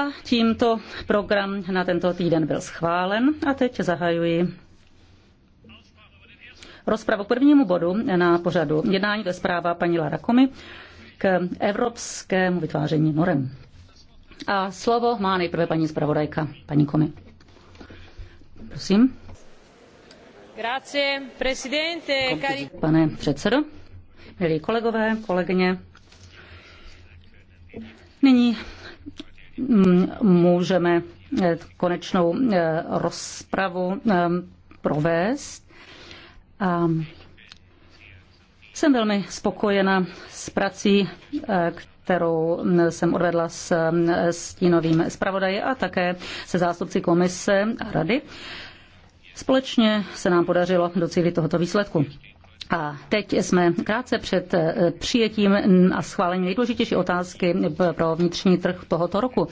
A tímto program na tento týden byl schválen a teď zahajuji rozpravu k prvnímu bodu na pořadu jednání, ve zpráva paní Lara Komi k evropskému vytváření norem. A slovo má nejprve paní zpravodajka, paní Komi. Prosím. Grazie, presidente, Pane předsedo, milí kolegové, kolegyně, nyní Mm, můžeme eh, konečnou eh, rozpravu eh, provést. A jsem velmi spokojena s prací, kterou jsem odvedla s stínovým zpravodaji a také se zástupci komise a rady. Společně se nám podařilo docílit tohoto výsledku. A teď jsme krátce před eh, přijetím a schválením nejdůležitější otázky pro vnitřní trh tohoto roku.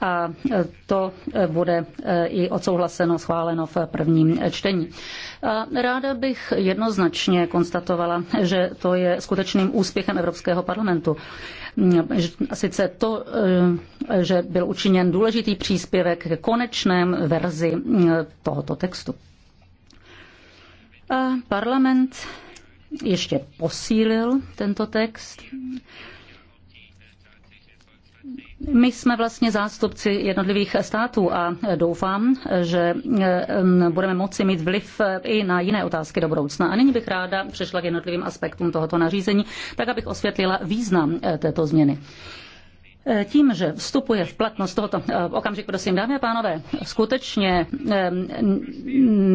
A eh, to eh, bude i odsouhlaseno, schváleno v prvním čtení. A ráda bych jednoznačně konstatovala, že to je skutečným úspěchem Evropského parlamentu. Mm, a sice to, že byl učiněn důležitý příspěvek k konečném verzi mm, tohoto textu. A parlament ještě posílil tento text. My jsme vlastně zástupci jednotlivých států a doufám, že budeme moci mít vliv i na jiné otázky do budoucna. A nyní bych ráda přešla k jednotlivým aspektům tohoto nařízení, tak abych osvětlila význam eh, této změny. Eh, tím, že vstupuje v platnost tohoto eh, okamžiku, prosím, dámy a pánové, skutečně eh,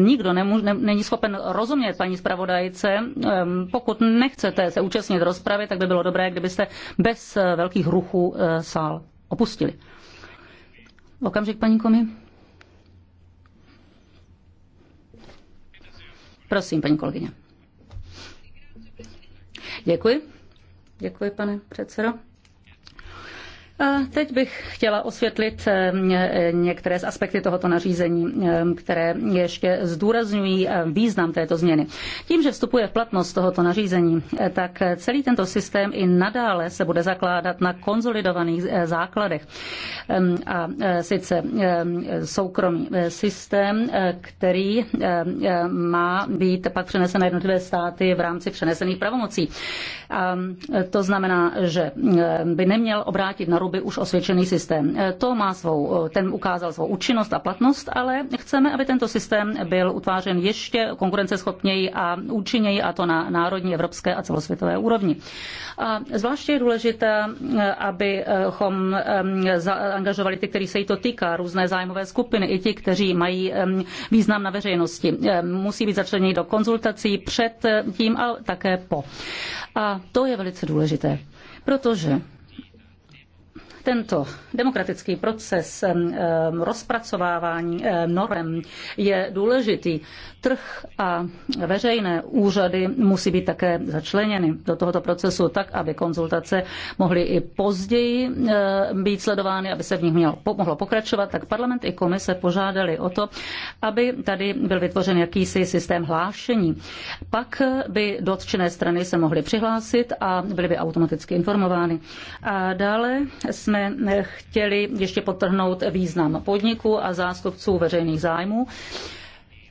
nikdo nemůže, ne, není schopen rozumět paní zpravodajce. Pokud nechcete se účastnit rozpravy, tak by bylo dobré, kdybyste bez velkých ruchů sál opustili. Okamžik, paní Komi. Prosím, paní kolegyně. Děkuji. Děkuji, pane předsedo teď bych chtěla osvětlit eh, eh, některé z aspekty tohoto nařízení, eh, které ještě zdůrazňují význam této změny. Tím, že vstupuje v platnost tohoto nařízení, tak celý tento systém i nadále se bude zakládat na konzolidovaných základech. Ehm, a sice ehm, soukromý systém, který má být pak přenesen na jednotlivé státy v rámci přenesených pravomocí. A to znamená, že by neměl obrátit na volby už osvědčený systém. E, to má svou, e, ten ukázal svou účinnost a platnost, ale chceme, aby tento systém byl utvářen ještě konkurenceschopněji a účinněji, a to na národní, evropské a celosvětové úrovni. A zvláště je důležité, e, abychom zaangažovali ty, kteří se jí to týká, různé zájmové skupiny, i ti, kteří mají význam na veřejnosti. Musí být začleněni do konzultací před tím, ale také po. A to je velice důležité, protože tento demokratický proces rozpracovávání norem je důležitý. Trh a veřejné úřady musí být také začleněny do tohoto procesu tak, aby konzultace mohly i později být sledovány, aby se v nich mělo, mohlo pokračovat, tak parlament i komise požádali o to, aby tady byl vytvořen jakýsi systém hlášení. Pak by dotčené strany se mohly přihlásit a byly by automaticky informovány. A dále jsme jsme chtěli ještě potrhnout význam podniku a zástupců veřejných zájmů.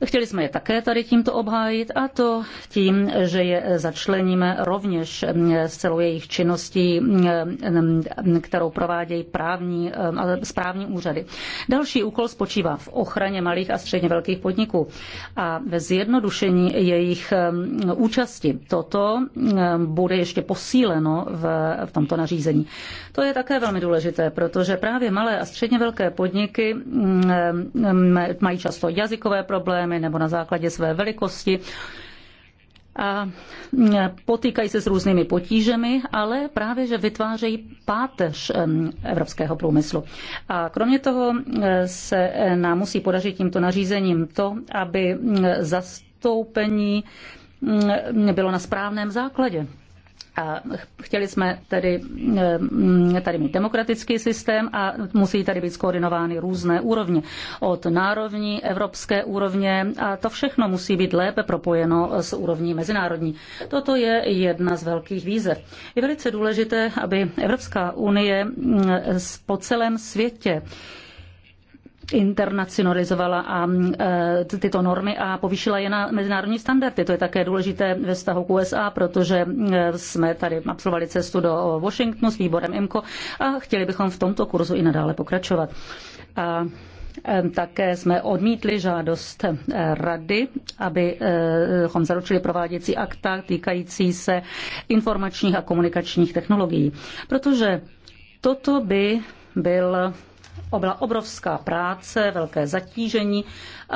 Chtěli jsme je také tady tímto obhájit a to tím, že je začleníme rovněž mm, s celou jejich činností, mm, mm, kterou provádějí právní, správní úřady. Další úkol spočívá v ochraně malých a středně velkých podniků a ve zjednodušení jejich účasti. Toto bude ještě posíleno v tomto nařízení. To je také velmi důležité, protože právě malé a středně velké podniky mají často jazykové problémy, problémy nebo na základě své velikosti a potýkají se s různými potížemi, ale právě, že vytvářejí páteř evropského průmyslu. A kromě toho se e, nám musí podařit tímto nařízením to, aby zastoupení bylo na správném základě. A chtěli jsme tedy eh, tady mít demokratický systém a musí tady být skoordinovány různé úrovně. Od národní, evropské úrovně a to všechno musí být lépe propojeno s úrovní mezinárodní. Toto je jedna z velkých výzev. Je velice důležité, aby Evropská unie mm, eh, po celém světě internacionalizovala a e, tyto normy a povýšila je na mezinárodní standardy. To je také důležité ve vztahu k USA, protože e, jsme tady absolvovali cestu do Washingtonu s výborem IMCO a chtěli bychom v tomto kurzu i nadále pokračovat. A e, také jsme odmítli žádost rady, abychom zaručili prováděcí akta týkající se informačních a komunikačních technologií, protože toto by byl byla obrovská práce, velké zatížení a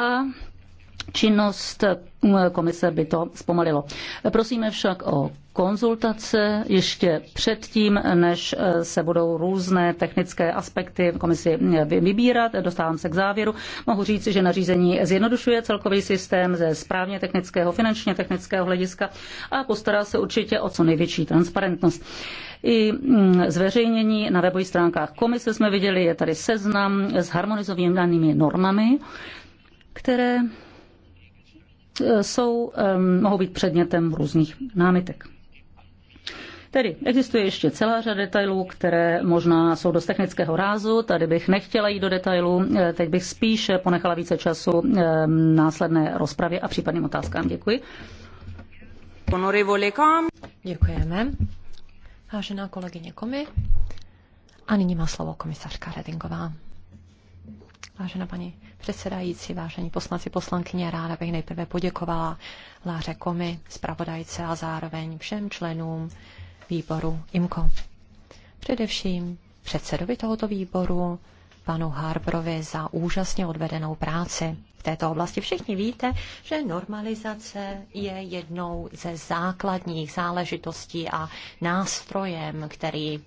činnost mm, komise by to zpomalilo. Prosíme však o konzultace ještě předtím, než eh, se budou různé technické aspekty v komisi eh, vybírat. Dostávám se k závěru. Mohu říct, že nařízení zjednodušuje celkový systém ze správně technického, finančně technického hlediska a postará se určitě o co největší transparentnost. I mm, zveřejnění na webových stránkách komise jsme viděli, je tady seznam s harmonizovanými normami, které eh, jsou, mohou být předmětem různých námitek. Tedy existuje ještě celá řada detailů, které možná jsou dost technického rázu. Tady bych nechtěla jít do detailů. Eh, teď bych spíše ponechala více času eh, následné rozpravě a případným otázkám. Děkuji. Děkujeme. Vážená kolegyně Komi. A nyní má slovo komisařka Redingová. Vážená paní předsedající, vážení poslanci, poslankyně, ráda bych nejprve poděkovala Láře Komi, zpravodajce a zároveň všem členům výboru IMCO. Především předsedovi tohoto výboru, panu Harbrovi, za úžasně odvedenou práci v této oblasti. Všichni víte, že normalizace je jednou ze základních záležitostí a nástrojem, který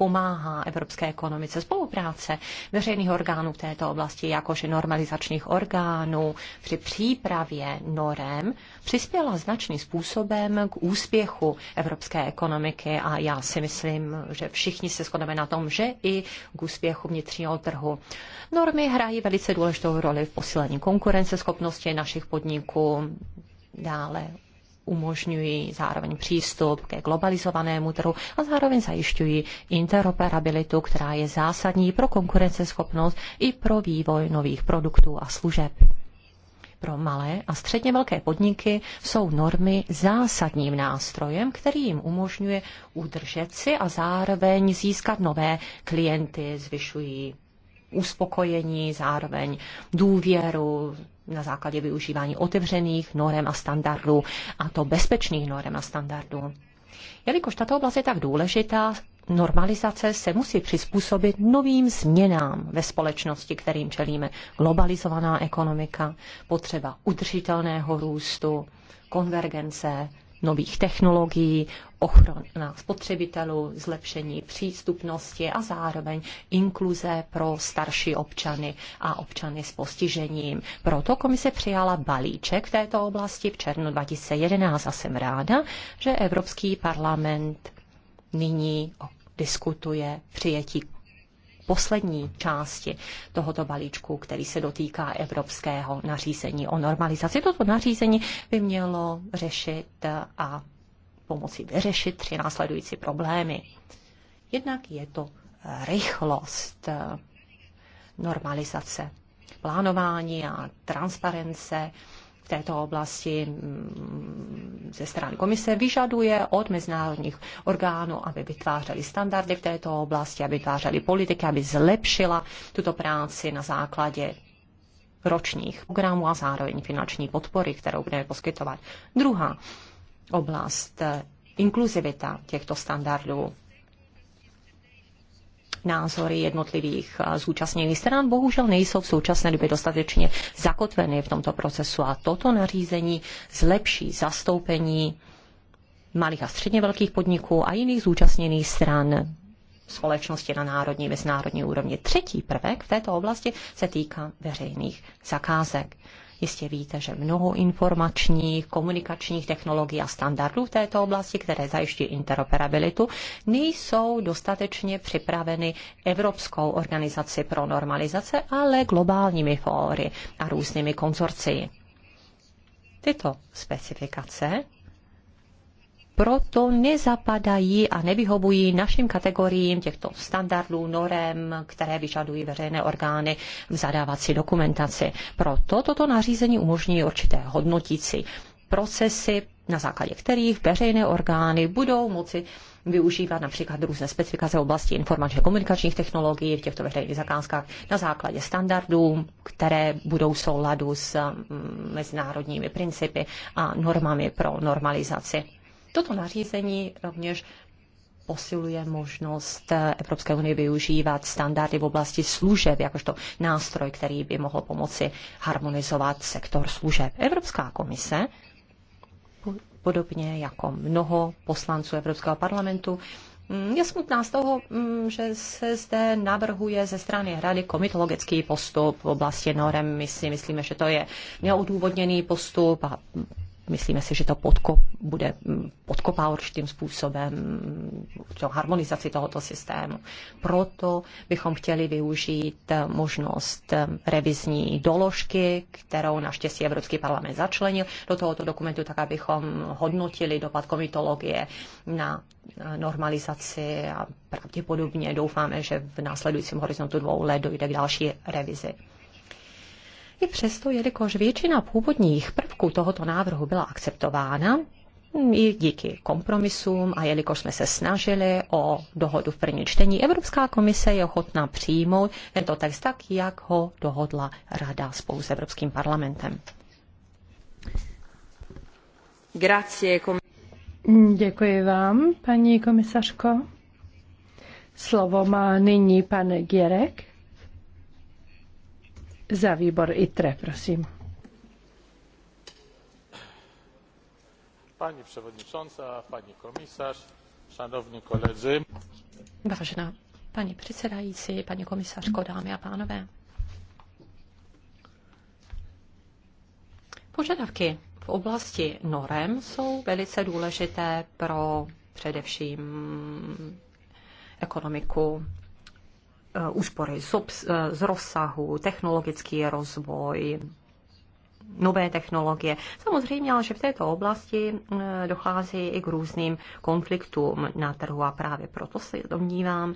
pomáhá evropské ekonomice. Spolupráce veřejných orgánů v této oblasti, jakože normalizačních orgánů při přípravě norem, přispěla značným způsobem k úspěchu evropské ekonomiky a já si myslím, že všichni se shodneme na tom, že i k úspěchu vnitřního trhu. Normy hrají velice důležitou roli v posílení konkurenceschopnosti našich podniků, dále umožňují zároveň přístup ke globalizovanému trhu a zároveň zajišťují interoperabilitu, která je zásadní pro konkurenceschopnost i pro vývoj nových produktů a služeb. Pro malé a středně velké podniky jsou normy zásadním nástrojem, který jim umožňuje udržet si a zároveň získat nové klienty, zvyšují uspokojení, zároveň důvěru, na základě využívání otevřených norem a standardů, a to bezpečných norem a standardů. Jelikož tato oblast je tak důležitá, normalizace se musí přizpůsobit novým změnám ve společnosti, kterým čelíme. Globalizovaná ekonomika, potřeba udržitelného růstu, konvergence, nových technologií, ochrana spotřebitelů, zlepšení přístupnosti a zároveň inkluze pro starší občany a občany s postižením. Proto komise přijala balíček v této oblasti v červnu 2011 a jsem ráda, že Evropský parlament nyní diskutuje přijetí poslední části tohoto balíčku, který se dotýká evropského nařízení o normalizaci. Toto nařízení by mělo řešit a pomoci vyřešit tři následující problémy. Jednak je to rychlost eh, normalizace, plánování a transparence v této oblasti mm, ze strany komise vyžaduje od mezinárodních orgánů, aby vytvářely standardy v této oblasti, aby vytvářely politiky, aby zlepšila tuto práci na základě ročních programů a zároveň finanční podpory, kterou budeme poskytovat. Druhá oblast, inkluzivita těchto standardů názory jednotlivých eh, zúčastněných stran bohužel nejsou v současné době dostatečně zakotveny v tomto procesu a toto nařízení zlepší zastoupení malých a středně velkých podniků a jiných zúčastněných stran společnosti na národní mezinárodní úrovni. Třetí prvek v této oblasti se týká veřejných zakázek. Jistě víte, že mnoho informačních, komunikačních technologií a standardů v této oblasti, které zajišťují interoperabilitu, nejsou dostatečně připraveny Evropskou organizaci pro normalizace, ale globálními fóry a různými konzorcii. Tyto specifikace proto nezapadají a nevyhovují našim kategoriím těchto standardů, norem, které vyžadují veřejné orgány v zadávací dokumentaci. Proto toto nařízení umožní určité hodnotící procesy, na základě kterých veřejné orgány budou moci využívat například různé specifikace v oblasti informačně komunikačních technologií v těchto veřejných zakázkách na základě standardů, které budou souladu s mm, mezinárodními principy a normami pro normalizaci Toto nařízení rovněž posiluje možnost Evropské unie využívat standardy v oblasti služeb, jakožto nástroj, který by mohl pomoci harmonizovat sektor služeb. Evropská komise podobně jako mnoho poslanců Evropského parlamentu. Mm, je smutná z toho, mm, že se zde navrhuje ze strany Rady komitologický postup v oblasti norem. My si myslíme, že to je neodůvodněný postup a Myslíme si, že to podko, bude mm, podkopá určitým způsobem to harmonizaci tohoto systému. Proto bychom chtěli využít eh, možnost eh, revizní doložky, kterou naštěstí Evropský parlament začlenil do tohoto dokumentu, tak abychom hodnotili dopad komitologie na eh, normalizaci a pravděpodobně doufáme, že v následujícím horizontu dvou let dojde k další revizi. I přesto, jelikož většina původních prvků tohoto návrhu byla akceptována, hm, i díky kompromisům a jelikož jsme se snažili o dohodu v první čtení, Evropská komise je ochotná přijmout tento text tak, jak ho dohodla Rada spolu s Evropským parlamentem. Grazie, kom- hm, Děkuji vám, paní komisařko. Slovo má nyní pan Gierek. Za výbor ITRE, prosím. Pani předsedající, pani komisař, szanowni koledzy. Vážená paní předsedající, paní komisařko, dámy a pánové. Požadavky v oblasti norem jsou velice důležité pro především ekonomiku Eh, úspory eh, z rozsahu, technologický rozvoj, nové technologie. Samozřejmě, ale že v této oblasti eh, dochází i k různým konfliktům na trhu a právě proto se domnívám,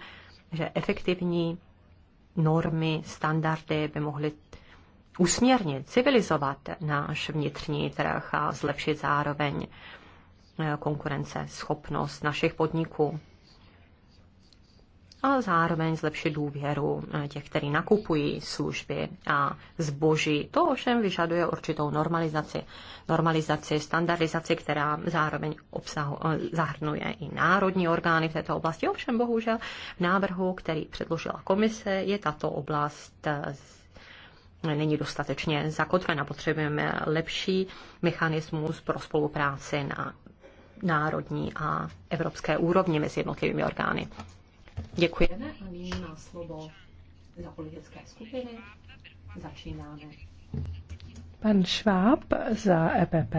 že efektivní normy, standardy by mohly usměrnit, civilizovat náš vnitřní trh a zlepšit zároveň konkurenceschopnost našich podniků a zároveň zlepšit důvěru eh, těch, kteří nakupují služby a zboží. To ovšem vyžaduje určitou normalizaci. Normalizaci, standardizaci, která zároveň obsahu, eh, zahrnuje i národní orgány v této oblasti. Ovšem bohužel v návrhu, který předložila komise, je tato oblast eh, není dostatečně zakotvena. Potřebujeme lepší mechanismus pro spolupráci na národní a evropské úrovni mezi jednotlivými orgány. Děkujeme a nyní má slovo za politické skupiny. Začínáme. Pan Šváb za EPP.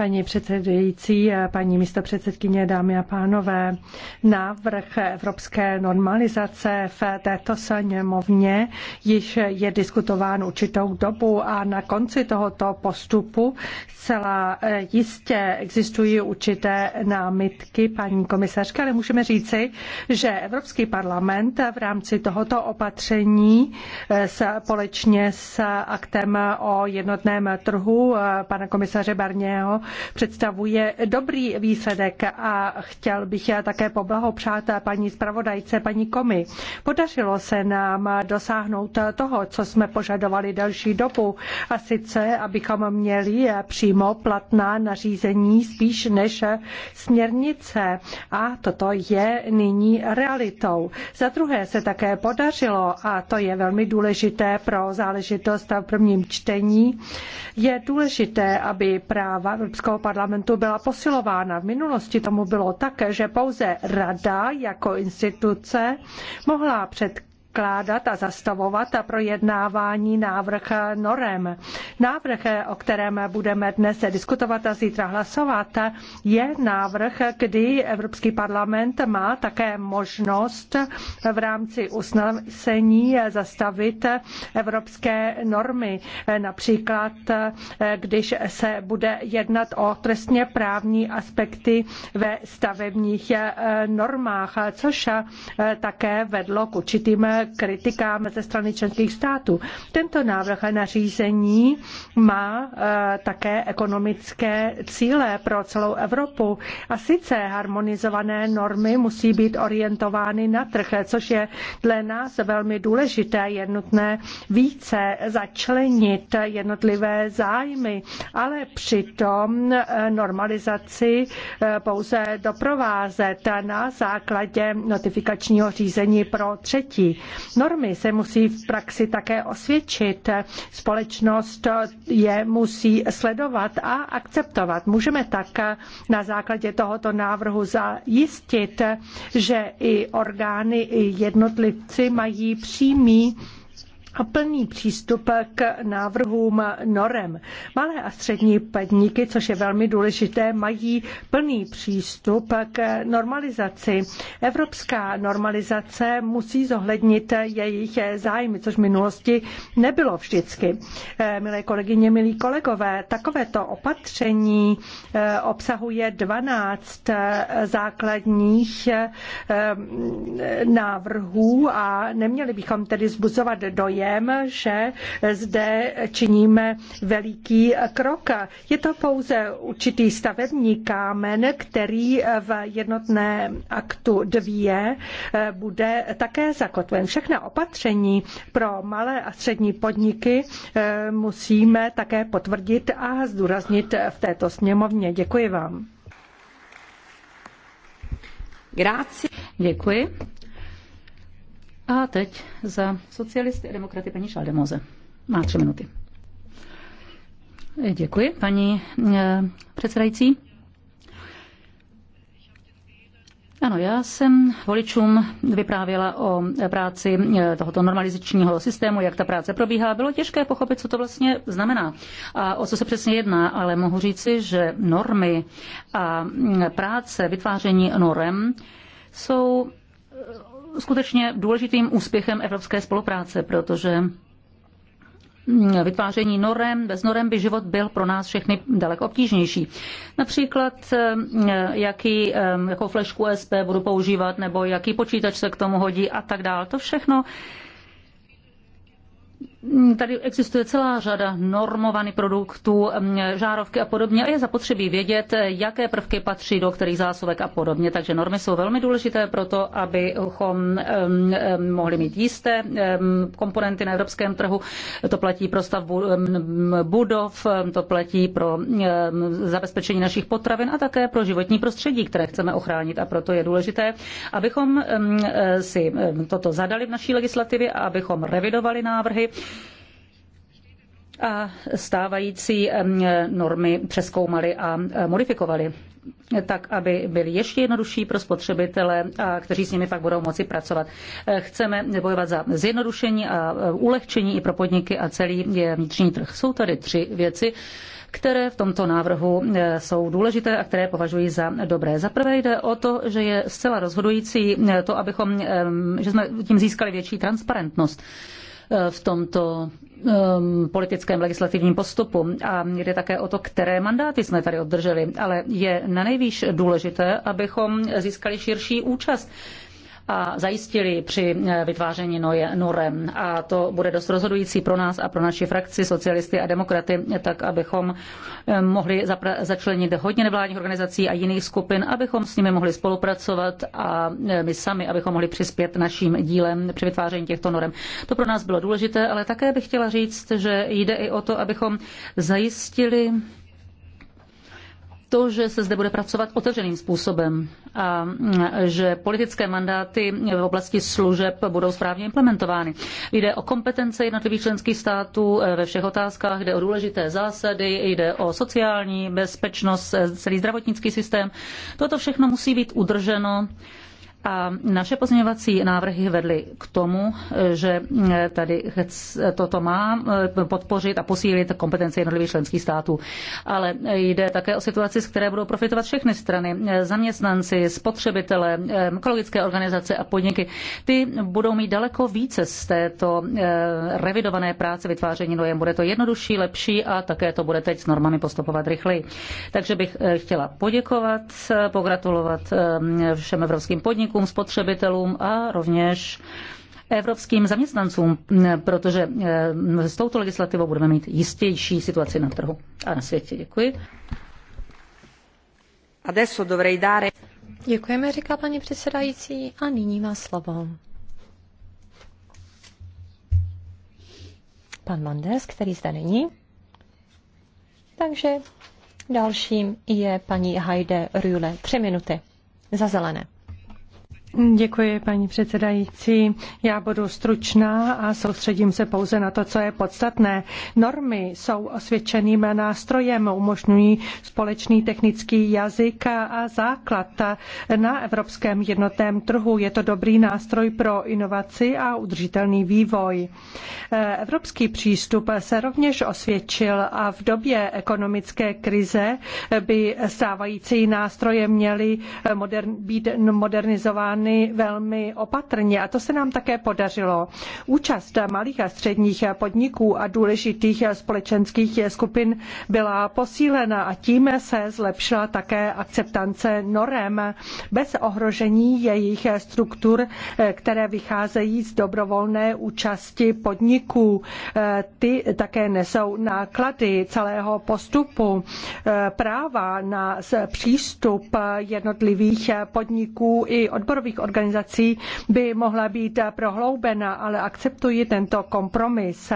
Paní předsedající, paní místopředsedkyně, dámy a pánové, návrh evropské normalizace v této sněmovně již je diskutován určitou dobu a na konci tohoto postupu zcela eh, jistě existují určité námitky, paní komisařka, ale můžeme říci, že Evropský parlament v rámci tohoto opatření eh, společně s aktem o jednotném trhu eh, pana komisaře Barněho představuje dobrý výsledek a chtěl bych také poblahopřát paní zpravodajce, paní Komi. Podařilo se nám dosáhnout toho, co jsme požadovali delší dobu, a sice, abychom měli přímo platná nařízení spíš než směrnice a toto je nyní realitou. Za druhé se také podařilo, a to je velmi důležité pro záležitost v prvním čtení, je důležité, aby práva Evropského parlamentu byla posilována. V minulosti tomu bylo tak, že pouze rada jako instituce mohla před zakládat a zastavovat a projednávání návrh norem. Návrh, o kterém budeme dnes diskutovat a zítra hlasovat, je návrh, kdy Evropský parlament má také možnost v rámci usnesení zastavit evropské normy. Například, když se bude jednat o trestně právní aspekty ve stavebních normách, což také vedlo k určitým kritikám ze strany členských států. Tento návrh nařízení má eh, také ekonomické cíle pro celou Evropu a sice harmonizované normy musí být orientovány na trh, což je dle nás velmi důležité. Je nutné více začlenit jednotlivé zájmy, ale přitom eh, normalizaci eh, pouze doprovázet na základě notifikačního řízení pro třetí. Normy se musí v praxi také osvědčit. Společnost je musí sledovat a akceptovat. Můžeme tak na základě tohoto návrhu zajistit, že i orgány, i jednotlivci mají přímý a plný přístup k návrhům norem. Malé a střední podniky, což je velmi důležité, mají plný přístup k normalizaci. Evropská normalizace musí zohlednit jejich zájmy, což v minulosti nebylo vždycky. Eh, milé kolegyně, milí kolegové, takovéto opatření eh, obsahuje 12 eh, základních návrhů a neměli bychom tedy zbuzovat dojem, dojem, že zde činíme veliký krok. Je to pouze určitý stavební kámen, který v jednotné aktu 2 bude také zakotven. Všechna opatření pro malé a střední podniky eh, musíme také potvrdit a zdůraznit v této sněmovně. Děkuji vám. Grazie. Děkuji. A teď za socialisty a demokraty paní Šaldemoze. Má tři minuty. Děkuji, paní eh, předsedající. Ano, já jsem voličům vyprávěla o práci eh, tohoto normalizačního systému, jak ta práce probíhá. Bylo těžké pochopit, co to vlastně znamená a o co se přesně jedná, ale mohu říci, že normy a mm, práce, vytváření norem jsou skutečně důležitým úspěchem evropské spolupráce, protože vytváření norem, bez norem by život byl pro nás všechny daleko obtížnější. Například, jaký, jakou flešku sp budu používat, nebo jaký počítač se k tomu hodí a tak dále To všechno Mm, tady existuje celá řada normovaných produktů, mm, žárovky a podobně a je zapotřebí vědět, jaké prvky patří do kterých zásuvek a podobně. Takže normy jsou velmi důležité pro to, abychom mm, mohli mít jisté komponenty na evropském trhu. To platí pro stavbu budov, to platí pro zabezpečení našich potravin a také pro životní prostředí, které chceme ochránit. A proto je důležité, abychom si toto zadali v naší legislativě a abychom revidovali návrhy a stávající normy přeskoumali a modifikovali tak, aby byly ještě jednodušší pro spotřebitele, a kteří s nimi pak budou moci pracovat. Eh, chceme bojovat za zjednodušení a eh, ulehčení i pro podniky a celý vnitřní trh. Jsou tady tři věci které v tomto návrhu eh, jsou důležité a které považuji za dobré. Za prvé jde o to, že je zcela rozhodující to, abychom, že jsme tím získali větší transparentnost v tomto um, politickém legislativním postupu a jde také o to, které mandáty jsme tady obdrželi, ale je na nejvýš důležité, abychom získali širší účast a zajistili při eh, vytváření norem A to bude dost rozhodující pro nás a pro naši frakci socialisty a demokraty, tak abychom eh, mohli začlenit hodně nevládních organizací a jiných skupin, abychom s nimi mohli spolupracovat a eh, my sami, abychom mohli přispět naším dílem při vytváření těchto norem. To pro nás bylo důležité, ale také bych chtěla říct, že jde i o to, abychom zajistili to, že se zde bude pracovat otevřeným způsobem a že politické mandáty v oblasti služeb budou správně implementovány. Jde o kompetence jednotlivých členských států ve všech otázkách, jde o důležité zásady, jde o sociální bezpečnost, celý zdravotnický systém. Toto všechno musí být udrženo a naše pozměňovací návrhy vedly k tomu, že eh, tady toto má eh, podpořit a posílit kompetence jednotlivých členských států. Ale jde také o situaci, z které budou profitovat všechny strany. Eh, zaměstnanci, spotřebitele, ekologické organizace a podniky. Ty budou mít daleko více z této revidované práce vytváření dojem. Bude to jednodušší, lepší a také to bude teď s normami postupovat rychleji. Takže bych chtěla poděkovat, pogratulovat všem evropským podnikům podnikům, spotřebitelům a rovněž evropským zaměstnancům, protože eh, s touto legislativou budeme mít jistější situaci na trhu a na světě. Děkuji. Adesso dovrei dare... Děkujeme, říká paní předsedající, a nyní má slovo. Pan Manders, který zde není. Takže dalším je paní Heide Rühle. Tři minuty. Za zelené. Děkuji, paní předsedající. Já budu stručná a soustředím se pouze na to, co je podstatné. Normy jsou osvědčeným nástrojem, umožňují společný technický jazyk a základ na evropském jednotném trhu. Je to dobrý nástroj pro inovaci a udržitelný vývoj. Evropský přístup se rovněž osvědčil a v době ekonomické krize by stávající nástroje měly modern, být modernizovány vnímány velmi opatrně a to se nám také podařilo. Účast malých a středních podniků a důležitých společenských skupin byla posílena a tím se zlepšila také akceptance norem bez ohrožení jejich struktur, které vycházejí z dobrovolné účasti podniků. Ty také nesou náklady celého postupu. Práva na přístup jednotlivých podniků i odborových neziskových organizací by mohla být prohloubena, ale akceptuji tento kompromis.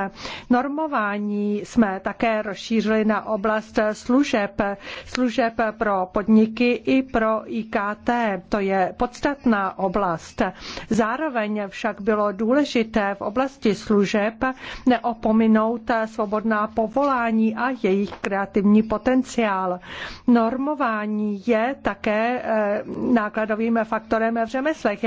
Normování jsme také rozšířili na oblast služeb, služeb pro podniky i pro IKT. To je podstatná oblast. Zároveň však bylo důležité v oblasti služeb neopominout svobodná povolání a jejich kreativní potenciál. Normování je také eh, nákladovým faktorem v řemeslech.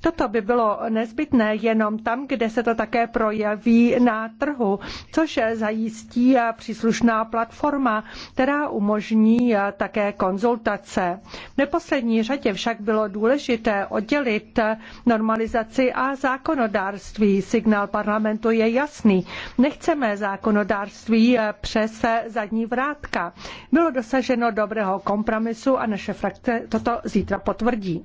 Toto by bylo nezbytné jenom tam, kde se to také projeví na trhu, což zajistí příslušná platforma, která umožní také konzultace. V neposlední řadě však bylo důležité oddělit normalizaci a zákonodárství. Signál parlamentu je jasný. Nechceme zákonodárství přes zadní vrátka. Bylo dosaženo dobrého kompromisu a naše frakce toto zítra potvrdí.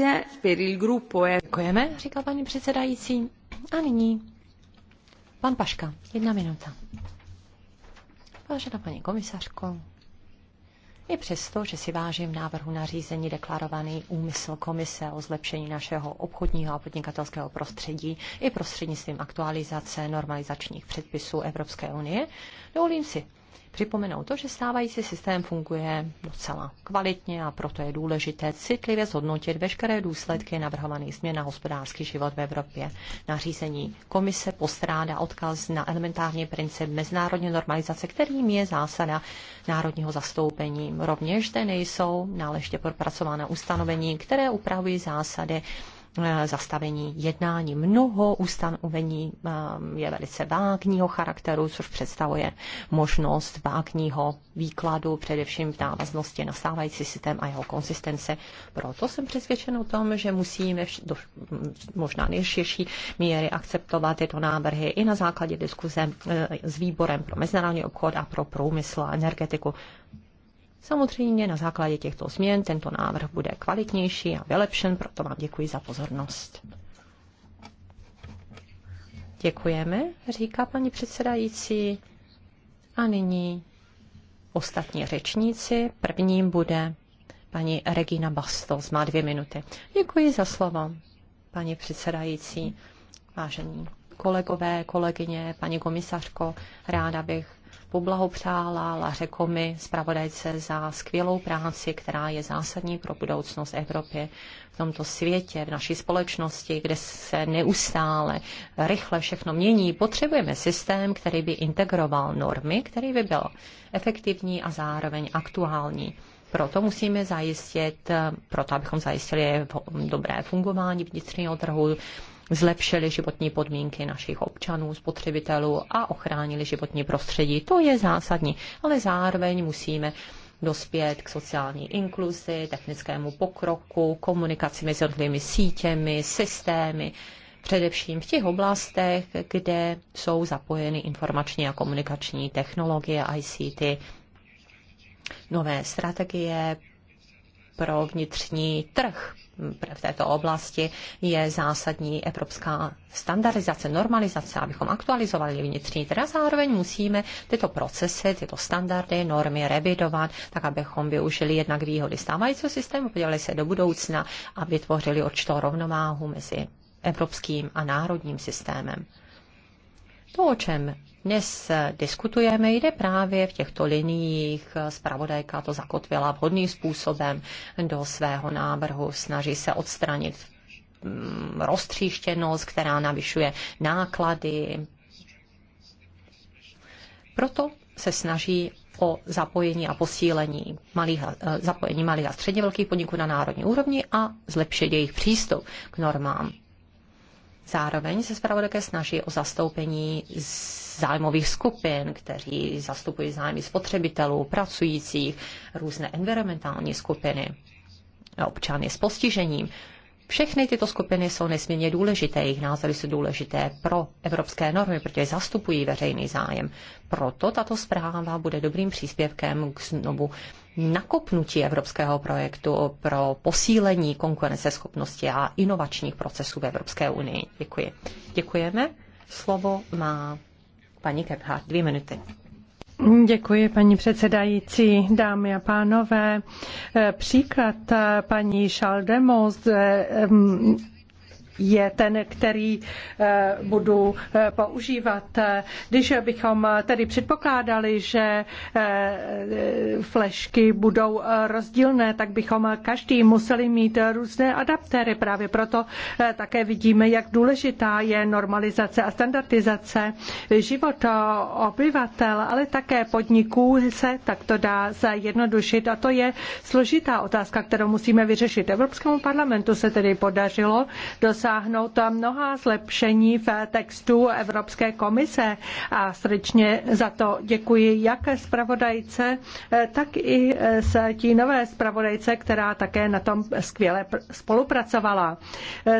E. Děkujeme, říká paní předsedající. A nyní pan Paška, jedna minuta. Vážená paní komisařko, i přesto, že si vážím návrhu na řízení deklarovaný úmysl komise o zlepšení našeho obchodního a podnikatelského prostředí i prostřednictvím aktualizace normalizačních předpisů Evropské unie, dovolím si připomenout to, že stávající systém funguje docela kvalitně a proto je důležité citlivě zhodnotit veškeré důsledky navrhovaných změn na hospodářský život v Evropě. Nařízení komise postrádá odkaz na elementární princip mezinárodní normalizace, kterým je zásada národního zastoupení. Rovněž zde nejsou náležitě propracovaná ustanovení, které upravují zásady Eh, zastavení jednání. Mnoho ustanovení eh, je velice vágního charakteru, což představuje možnost vágního výkladu, především v návaznosti na stávající systém a jeho konsistence. Proto jsem přesvědčen o tom, že musíme do možná nejširší míry akceptovat tyto návrhy i na základě diskuze eh, s výborem pro mezinárodní obchod a pro průmysl a energetiku. Samozřejmě na základě těchto změn tento návrh bude kvalitnější a vylepšen, proto vám děkuji za pozornost. Děkujeme, říká paní předsedající. A nyní ostatní řečníci. Prvním bude paní Regina Bastos, má dvě minuty. Děkuji za slovo, paní předsedající. Vážení kolegové, kolegyně, paní komisařko, ráda bych poblahopřála řekl mi zpravodajce, za skvělou práci, která je zásadní pro budoucnost Evropy v tomto světě, v naší společnosti, kde se neustále rychle všechno mění. Potřebujeme systém, který by integroval normy, který by byl efektivní a zároveň aktuální. Proto musíme zajistit, proto abychom zajistili dobré fungování vnitřního trhu, zlepšili životní podmínky našich občanů, spotřebitelů a ochránili životní prostředí. To je zásadní, ale zároveň musíme dospět k sociální inkluzi, technickému pokroku, komunikaci mezi jednotlivými sítěmi, systémy, především v těch oblastech, kde jsou zapojeny informační a komunikační technologie, ICT, nové strategie pro vnitřní trh, v této oblasti je zásadní evropská standardizace, normalizace, abychom aktualizovali vnitřní teda zároveň musíme tyto procesy, tyto standardy, normy revidovat, tak abychom využili jednak výhody stávajícího systému, podívali se do budoucna a vytvořili určitou rovnováhu mezi evropským a národním systémem. To, o čem dnes diskutujeme, jde právě v těchto liniích. Spravodajka to zakotvila vhodným způsobem do svého návrhu. Snaží se odstranit mm, roztříštěnost, která navyšuje náklady. Proto se snaží o zapojení a posílení malých, eh, zapojení malých a středně velkých podniků na národní úrovni a zlepšit jejich přístup k normám. Zároveň se zpravodajka snaží o zastoupení zájmových skupin, kteří zastupují zájmy spotřebitelů, pracujících, různé environmentální skupiny, občany s postižením. Všechny tyto skupiny jsou nesmírně důležité, jejich názory jsou důležité pro evropské normy, protože zastupují veřejný zájem. Proto tato zpráva bude dobrým příspěvkem k znovu nakopnutí evropského projektu pro posílení konkurenceschopnosti a inovačních procesů v Evropské unii. Děkuji. Děkujeme. Slovo má paní Kebhardt. Dvě minuty. Děkuji, paní předsedající, dámy a pánové. Příklad paní Šaldemos je ten, který eh, budu eh, používat. Když bychom tedy předpokládali, že eh, flešky budou rozdílné, tak bychom každý museli mít různé adaptéry. Právě proto také vidíme, jak důležitá je normalizace a standardizace života obyvatel, ale také podniků se takto dá zjednodušit. A to je složitá otázka, kterou musíme vyřešit. Evropskému parlamentu se tedy podařilo dosáhnout dosáhnout mnoha zlepšení v textu Evropské komise a srdečně za to děkuji jak zpravodajce, tak i stínové zpravodajce, která také na tom skvěle spolupracovala.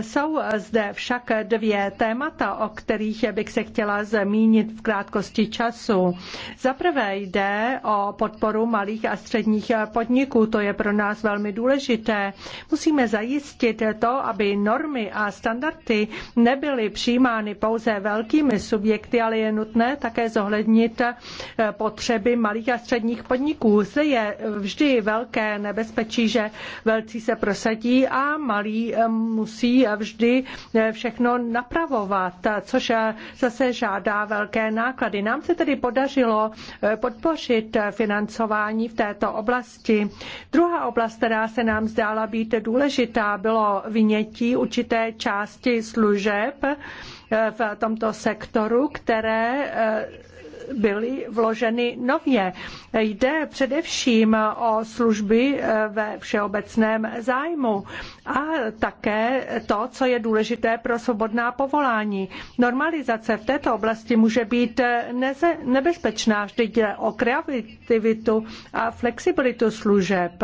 Jsou zde však dvě témata, o kterých bych se chtěla zmínit v krátkosti času. Za prvé jde o podporu malých a středních podniků. To je pro nás velmi důležité. Musíme zajistit to, aby normy a standardy nebyly přijímány pouze velkými subjekty, ale je nutné také zohlednit eh, potřeby malých a středních podniků. Zde je vždy velké nebezpečí, že velcí se prosadí a malí eh, musí vždy eh, všechno napravovat, což zase žádá velké náklady. Nám se tedy podařilo podpořit financování v této oblasti. Druhá oblast, která se nám zdála být důležitá, bylo vynětí určité části služeb eh, v tomto sektoru, které eh, byly vloženy nově. Jde především o služby eh, ve všeobecném zájmu a také to, co je důležité pro svobodná povolání. Normalizace v této oblasti může být nebezpečná, vždyť jde o kreativitu a flexibilitu služeb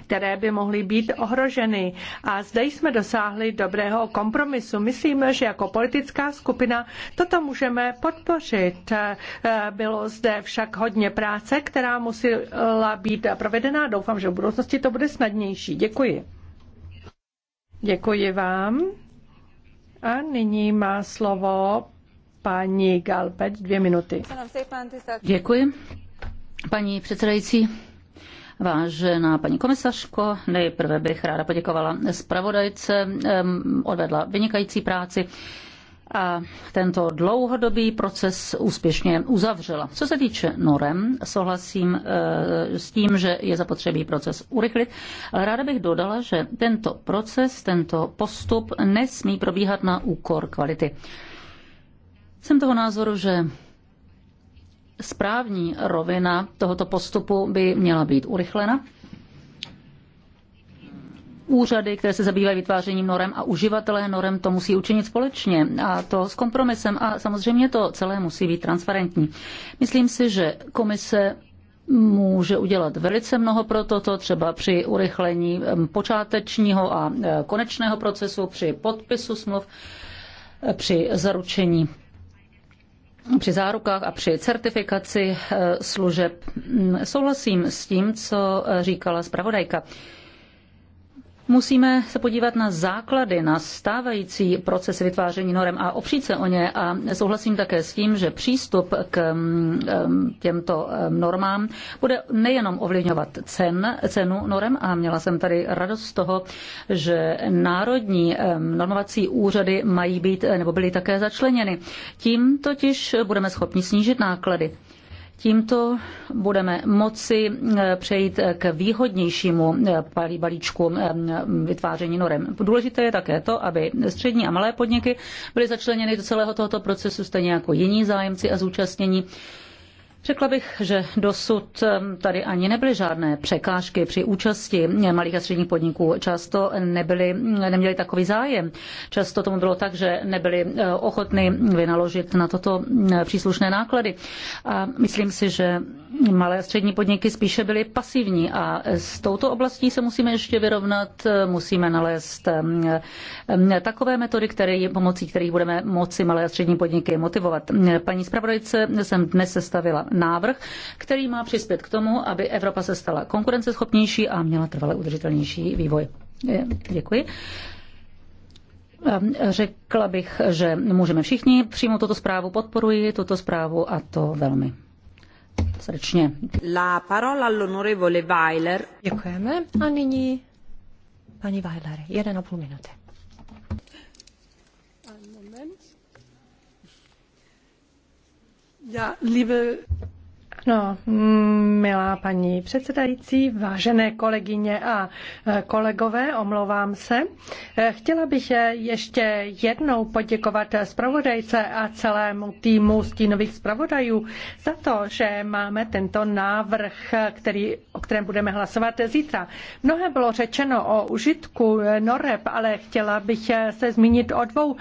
které by mohly být ohroženy. A zde jsme dosáhli dobrého kompromisu. Myslím, že jako politická skupina toto můžeme podpořit. Eh, bylo zde však hodně práce, která musela být provedena. Doufám, že v budoucnosti to bude snadnější. Děkuji. Děkuji vám. A nyní má slovo paní Galpeč. dvě minuty. Děkuji, paní předsedající. Vážená paní komisařko, nejprve bych ráda poděkovala zpravodajce, odvedla vynikající práci a tento dlouhodobý proces úspěšně uzavřela. Co se týče norem, souhlasím eh, s tím, že je zapotřebí proces urychlit, ale ráda bych dodala, že tento proces, tento postup nesmí probíhat na úkor kvality. Jsem toho názoru, že správní rovina tohoto postupu by měla být urychlena. Úřady, které se zabývají vytvářením norem a uživatelé norem to musí učinit společně a to s kompromisem a samozřejmě to celé musí být transparentní. Myslím si, že komise může udělat velice mnoho pro toto, třeba při urychlení počátečního a e, konečného procesu, při podpisu smluv, e, při zaručení při zárukách a při certifikaci eh, služeb. Mm, souhlasím s tím, co eh, říkala zpravodajka. Musíme se podívat na základy, na stávající proces vytváření norem a opřít se o ně a souhlasím také s tím, že přístup k mm, mm, těmto mm, normám bude nejenom ovlivňovat cen, cenu norem a měla jsem tady radost z toho, že národní normovací úřady mají být nebo byly také začleněny. Tím totiž budeme schopni snížit náklady. Tímto budeme moci eh, přejít eh, k výhodnějšímu eh, balíčku vytváření norem. Důležité je také to, aby střední a malé podniky byly začleněny do celého tohoto procesu, stejně jako jiní zájemci a zúčastnění. Řekla bych, že dosud tady ani nebyly žádné překážky při účasti malých a středních podniků. Často nebyly, neměli takový zájem. Často tomu bylo tak, že nebyli e, ochotny vynaložit na toto příslušné náklady. A myslím si, že malé a střední podniky spíše byly pasivní a s touto oblastí se musíme ještě vyrovnat, musíme nalézt takové metody, které, pomocí kterých budeme moci malé a střední podniky motivovat. Paní zpravodajce jsem dnes sestavila návrh, který má přispět k tomu, aby Evropa se stala konkurenceschopnější a měla trvale udržitelnější vývoj. Děkuji. Ehm, řekla bych, že můžeme všichni přijmout tuto zprávu, podporuji tuto zprávu a to velmi srdečně. La parola all'onorevole Weiler. Děkujeme a nyní paní Weiler, jeden a půl minuty. Já, liebe... No, milá paní předsedající, vážené kolegyně a e, kolegové, omlouvám se. E, chtěla bych e, ještě jednou poděkovat zpravodajce a celému týmu stínových zpravodajů za to, že máme tento návrh, který, o kterém budeme hlasovat zítra. Mnohé bylo řečeno o užitku NOREP, ale chtěla bych se zmínit o dvou.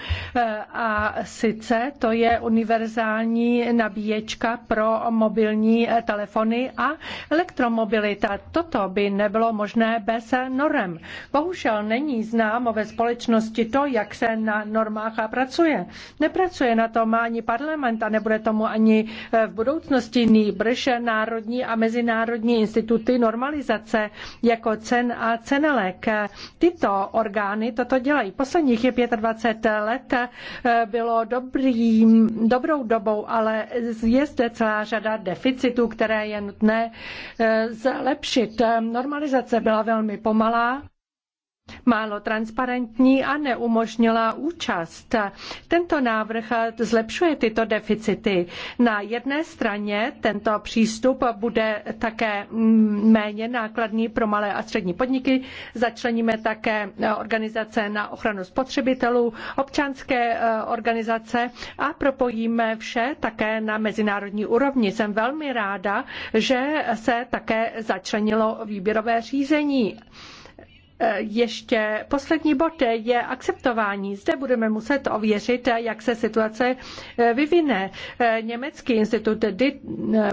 A sice to je univerzální nabíječka pro mobilní mobilní eh, telefony a elektromobilita. Toto by nebylo možné bez norem. Bohužel není známo ve společnosti to, jak se na normách pracuje. Nepracuje na tom ani parlament a nebude tomu ani eh, v budoucnosti nýbrž národní a mezinárodní instituty normalizace jako cen a cenelek. Tyto orgány toto dělají. Posledních je 25 let eh, bylo dobrým, dobrou dobou, ale je zde celá řada deficitů deficitů, které je nutné eh, zlepšit. Normalizace byla velmi pomalá málo transparentní a neumožnila účast. Tento návrh zlepšuje tyto deficity. Na jedné straně tento přístup bude také méně nákladný pro malé a střední podniky. Začleníme také organizace na ochranu spotřebitelů, občanské eh, organizace a propojíme vše také na mezinárodní úrovni. Jsem velmi ráda, že se také začlenilo výběrové řízení. Eh, ještě poslední bod je akceptování. Zde budeme muset ověřit, eh, jak se situace eh, vyvine. Německý institut DIT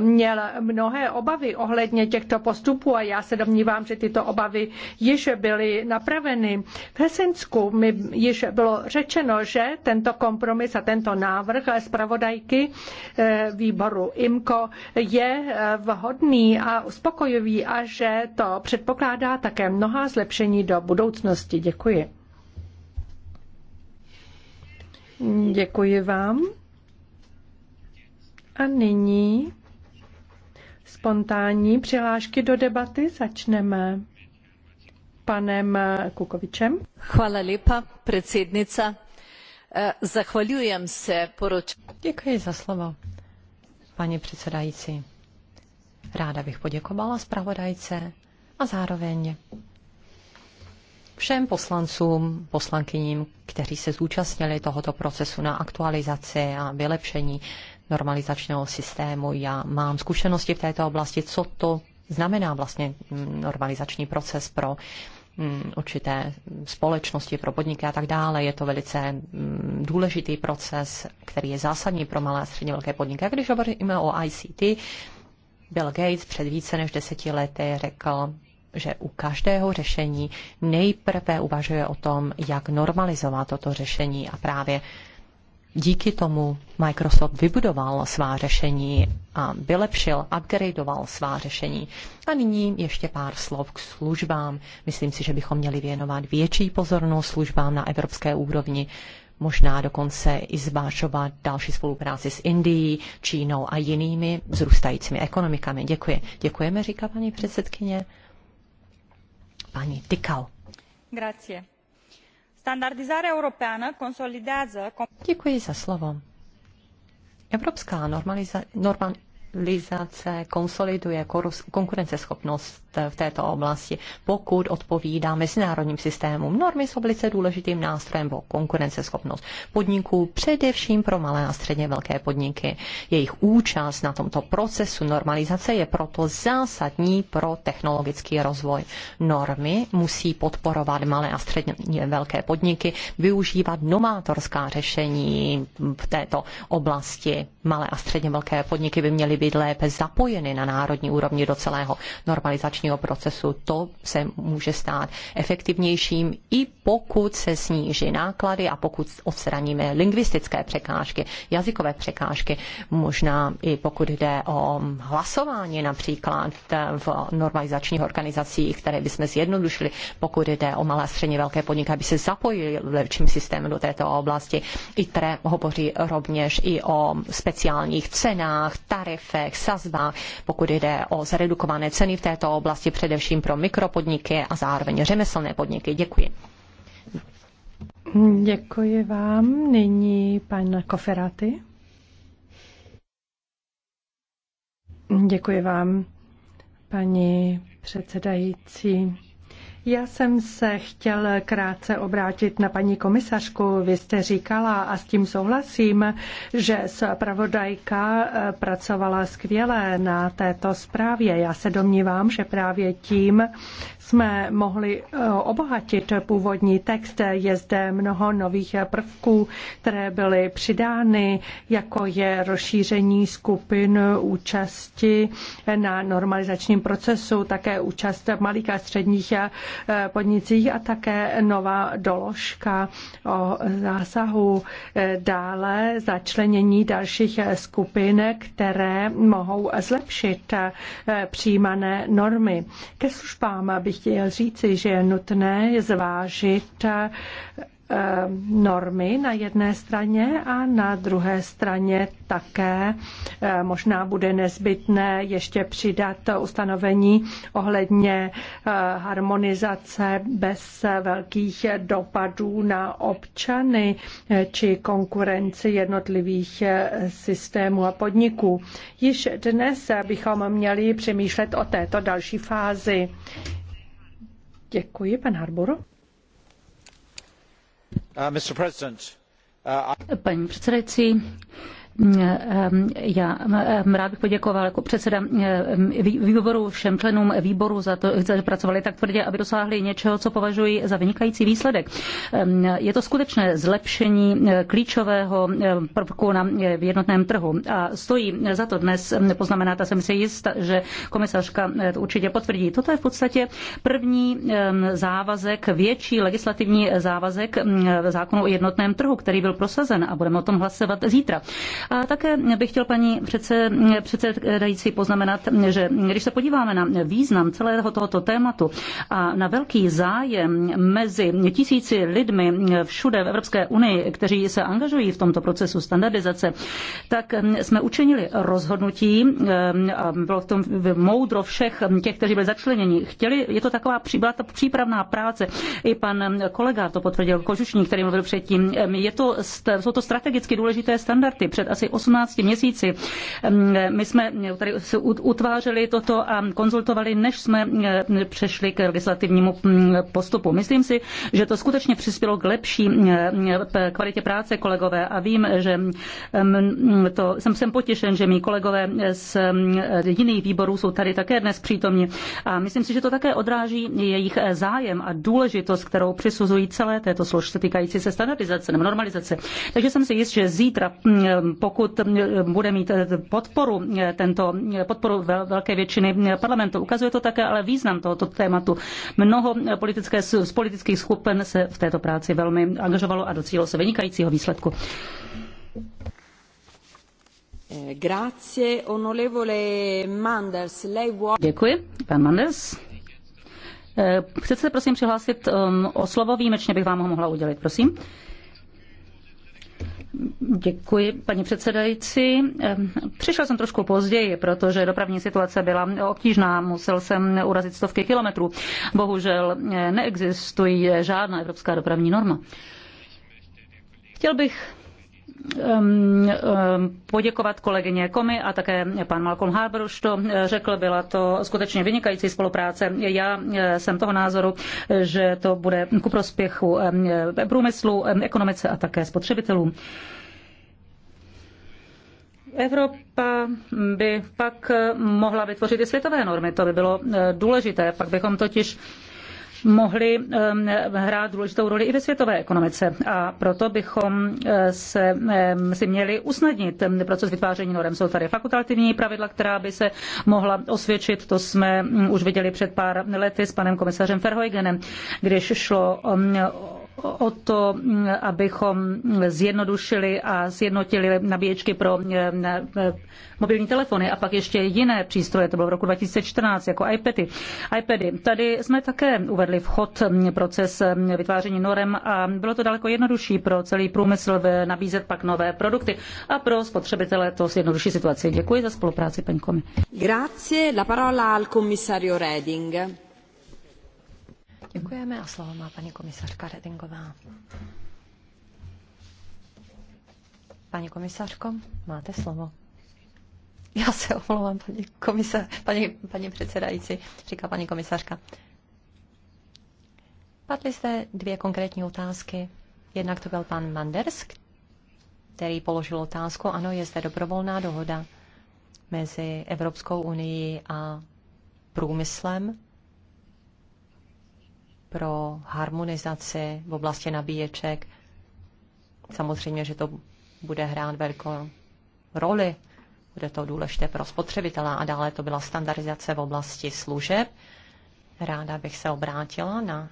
měl mnohé obavy ohledně těchto postupů a já se domnívám, že tyto obavy již byly napraveny. V Hesensku mi již bylo řečeno, že tento kompromis a tento návrh zpravodajky výboru IMCO je vhodný a uspokojivý a že to předpokládá také mnoha zlepšení plánování do budoucnosti. Děkuji. Děkuji vám. A nyní spontánní přihlášky do debaty. Začneme panem Kukovičem. Chvala lipa, predsednica. Eh, zahvaljujem se poroč... Děkuji za slovo, paní předsedající. Ráda bych poděkovala zpravodajce a zároveň všem poslancům, poslankyním, kteří se zúčastnili tohoto procesu na aktualizaci a vylepšení normalizačního systému. Já mám zkušenosti v této oblasti, co to znamená vlastně normalizační proces pro mm, určité společnosti, pro podniky a tak dále. Je to velice mm, důležitý proces, který je zásadní pro malé a středně velké podniky. A když hovoříme o ICT, Bill Gates před více než deseti lety řekl, že u každého řešení nejprve uvažuje o tom, jak normalizovat toto řešení a právě díky tomu Microsoft vybudoval svá řešení a vylepšil, upgradeoval svá řešení. A nyní ještě pár slov k službám. Myslím si, že bychom měli věnovat větší pozornost službám na evropské úrovni, možná dokonce i zvážovat další spolupráci s Indií, Čínou a jinými vzrůstajícími ekonomikami. Děkuji. Děkujeme, říká paní předsedkyně paní Tikal. Grazie. Standardizarea europeană consolidează... Děkuji za slovo. Evropská normaliza- norma- globalizace konsoliduje konkurenceschopnost v této oblasti, pokud odpovídá mezinárodním systémům. Normy jsou velice důležitým nástrojem pro konkurenceschopnost podniků, především pro malé a středně velké podniky. Jejich účast na tomto procesu normalizace je proto zásadní pro technologický rozvoj. Normy musí podporovat malé a středně velké podniky, využívat novátorská řešení v této oblasti. Malé a středně velké podniky by měly být být lépe zapojeny na národní úrovni do celého normalizačního procesu. To se může stát efektivnějším i pokud se sníží náklady a pokud odstraníme lingvistické překážky, jazykové překážky, možná i pokud jde o hlasování například v normalizačních organizacích, které bychom zjednodušili, pokud jde o malé a středně velké podniky, aby se zapojili v lepším systému do této oblasti. které hovoří rovněž i o speciálních cenách, tarifech, tarifech, sazbách, pokud jde o zredukované ceny v této oblasti, především pro mikropodniky a zároveň řemeslné podniky. Děkuji. Děkuji vám. Nyní pan Koferaty. Děkuji vám, paní předsedající. Já jsem se chtěl krátce obrátit na paní komisařku. Vy jste říkala, a s tím souhlasím, že zpravodajka eh, pracovala skvěle na této zprávě. Já se domnívám, že právě tím jsme mohli eh, obohatit původní text. Je zde mnoho nových prvků, které byly přidány, jako je rozšíření skupin účasti na normalizačním procesu, také účast malých a středních Eh, podnicích a také nová doložka o zásahu. Eh, dále začlenění dalších eh, skupin, které mohou zlepšit přijímané normy. Ke službám bych chtěl říci, že je nutné zvážit Eh, normy na jedné straně a na druhé straně také eh, možná bude nezbytné ještě přidat ustanovení ohledně eh, harmonizace bez velkých dopadů na občany či konkurenci jednotlivých systémů a podniků. Již dnes bychom měli přemýšlet o této další fázi. Děkuji, pan Harbor. Uh, uh, paní předsedající já ehm, rád bych poděkoval jako předseda ehm, výboru všem členům výboru za to, že pracovali tak tvrdě, aby dosáhli něčeho, co považuji za vynikající výsledek. Ehm, je to skutečné zlepšení eh, klíčového eh, prvku na eh, jednotném trhu. A stojí za to dnes poznamenat, a jsem si jist, že komisařka to určitě potvrdí. Toto je v podstatě první závazek, větší legislativní závazek mm, zákonu o jednotném trhu, který byl prosazen a budeme o tom hlasovat zítra. A také bych chtěl paní přece, předsedající poznamenat, že když se podíváme na význam celého tohoto tématu a na velký zájem mezi tisíci lidmi všude v Evropské unii, kteří se angažují v tomto procesu standardizace, tak jsme učinili rozhodnutí, eh, a bylo v tom moudro všech těch, kteří byli začleněni. Chtěli, je to taková byla ta přípravná práce, i pan kolega to potvrdil, Kožušník, který mluvil předtím, je to, jsou to strategicky důležité standardy před asi 18 měsíci. My jsme eh, tady utvářeli toto a konzultovali, než jsme eh, přešli k legislativnímu mm, postupu. Myslím si, že to skutečně přispělo k lepší eh, kvalitě práce kolegové a vím, že to, jsem, jsem potěšen, že mý kolegové z mm, jiných výborů jsou tady také dnes přítomní a myslím si, že to také odráží jejich zájem a důležitost, kterou přisuzují celé této složce týkající se standardizace nebo normalizace. Takže jsem si jist, že zítra mm, pokud bude mít eh, podporu, eh, tento, eh, podporu velké většiny parlamentu. Ukazuje to také ale význam tohoto tématu. Mnoho politické, z politických skupin se v této práci velmi angažovalo a docílilo se vynikajícího výsledku. Grazie, Manders. Děkuji, pan Manders. Chcete se prosím přihlásit ehm, o slovo? Výjimečně bych vám ho mohla udělit, prosím. Děkuji, paní předsedající. Přišel jsem trošku později, protože dopravní situace byla obtížná. Musel jsem urazit stovky kilometrů. Bohužel eh, neexistuje žádná evropská dopravní norma. Chtěl bych Ehm, ehm, poděkovat kolegyně Komi a také pan Malcolm Harbour už to eh, řekl, byla to skutečně vynikající spolupráce. Já eh, jsem toho názoru, že to bude ku prospěchu ehm, průmyslu, ekonomice a také spotřebitelům. Evropa by pak eh, mohla vytvořit i světové normy, to by bylo důležité, pak bychom totiž mohly um, hrát důležitou roli i ve světové ekonomice. A proto bychom uh, se, um, si měli usnadnit um, proces vytváření norem. Jsou tady fakultativní pravidla, která by se mohla osvědčit. To jsme už viděli před pár lety s panem komisařem Verheugenem, když šlo o o to, abychom zjednodušili a sjednotili nabíječky pro eh, eh, mobilní telefony a pak ještě jiné přístroje, to bylo v roku 2014, jako iPady. iPady. Tady jsme také uvedli vchod hm, proces hm, vytváření norem a bylo to daleko jednodušší pro celý průmysl nabízet pak nové produkty a pro spotřebitele to zjednoduší situaci. Děkuji za spolupráci, paní Komi. Grazie, la parola al commissario Reding. Děkujeme a slovo má paní komisařka Redingová. Paní komisařko, máte slovo. Já se omlouvám, paní, komisař, paní, paní předsedající, říká paní komisařka. Padly zde dvě konkrétní otázky. Jednak to byl pan Manders, který položil otázku, ano, je zde dobrovolná dohoda mezi Evropskou unii a průmyslem pro harmonizaci v oblasti nabíječek. Samozřejmě, že to bude hrát velkou roli, bude to důležité pro spotřebitela a dále to byla standardizace v oblasti služeb. Ráda bych se obrátila na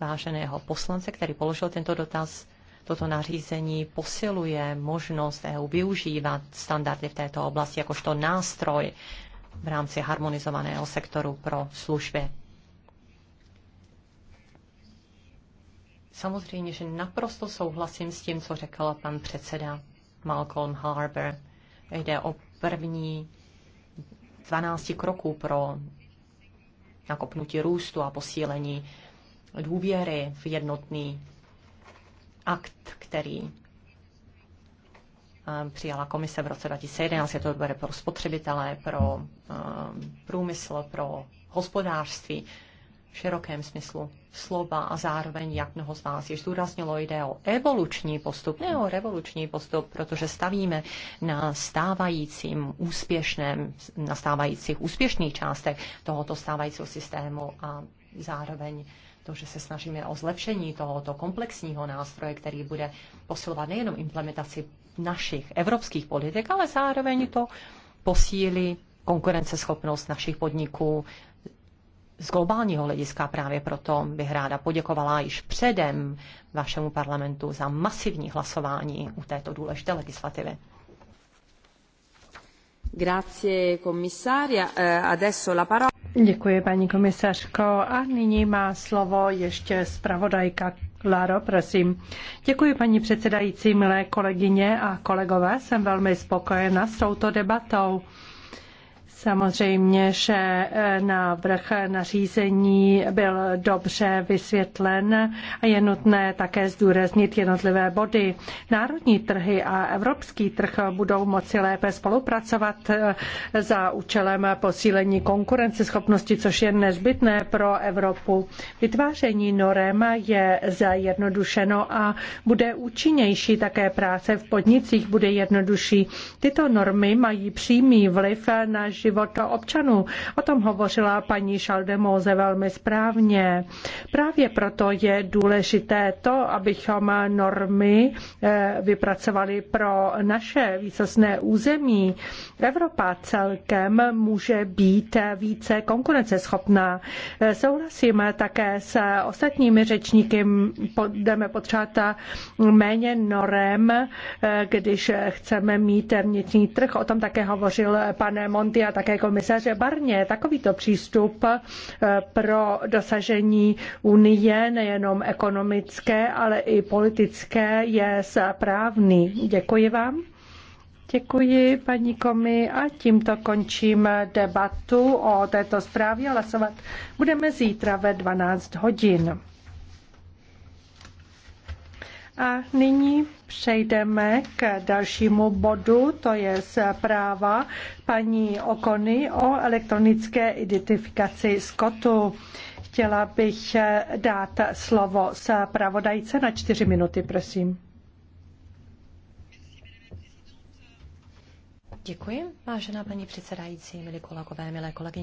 váženého poslance, který položil tento dotaz. Toto nařízení posiluje možnost EU využívat standardy v této oblasti jakožto nástroj v rámci harmonizovaného sektoru pro služby. Samozřejmě, že naprosto souhlasím s tím, co řekl pan předseda Malcolm Harbour. Jde o první 12 kroků pro nakopnutí růstu a posílení důvěry v jednotný akt, který eh, přijala komise v roce 2011. Je to dobré pro spotřebitele, pro eh, průmysl, pro hospodářství v širokém smyslu slova a zároveň, jak mnoho z vás již zdůraznilo, jde o evoluční postup, ne o revoluční postup, protože stavíme na stávajícím úspěšném, na stávajících úspěšných částech tohoto stávajícího systému a zároveň to, že se snažíme o zlepšení tohoto komplexního nástroje, který bude posilovat nejenom implementaci našich evropských politik, ale zároveň to posílí konkurenceschopnost našich podniků, z globálního hlediska právě proto bych ráda poděkovala již předem vašemu parlamentu za masivní hlasování u této důležité legislativy. Grazie, komisaria. Eh, adesso la parola. Děkuji, paní komisařko. A nyní má slovo ještě zpravodajka Láro, prosím. Děkuji, paní předsedající, milé kolegyně a kolegové. Jsem velmi spokojena s touto debatou. Samozřejmě, že eh, návrh nařízení byl dobře vysvětlen a je nutné také zdůraznit jednotlivé body. Národní trhy a evropský trh budou moci lépe spolupracovat eh, za účelem posílení konkurenceschopnosti, což je nezbytné pro Evropu. Vytváření norem je zjednodušeno a bude účinnější také práce v podnicích, bude jednodušší. Tyto normy mají přímý vliv na život života občanů. O tom hovořila paní Šaldemóze velmi správně. Právě proto je důležité to, abychom normy eh, vypracovali pro naše výsostné území. Evropa celkem může být více konkurenceschopná. Eh, Souhlasíme také s ostatními řečníky, budeme potřebovat méně norem, eh, když chceme mít vnitřní trh. O tom také hovořil pan Monti a také také komisař Barně. Takovýto přístup eh, pro dosažení unie nejenom ekonomické, ale i politické je správný. Děkuji vám. Děkuji paní Komi a tímto končím debatu o této zprávě. Hlasovat budeme zítra ve 12 hodin. A nyní přejdeme k dalšímu bodu, to je zpráva paní Okony o elektronické identifikaci Skotu. Chtěla bych dát slovo zpravodajce na čtyři minuty, prosím. Děkuji, vážená paní předsedající, milí kolegové, milé kolegyně.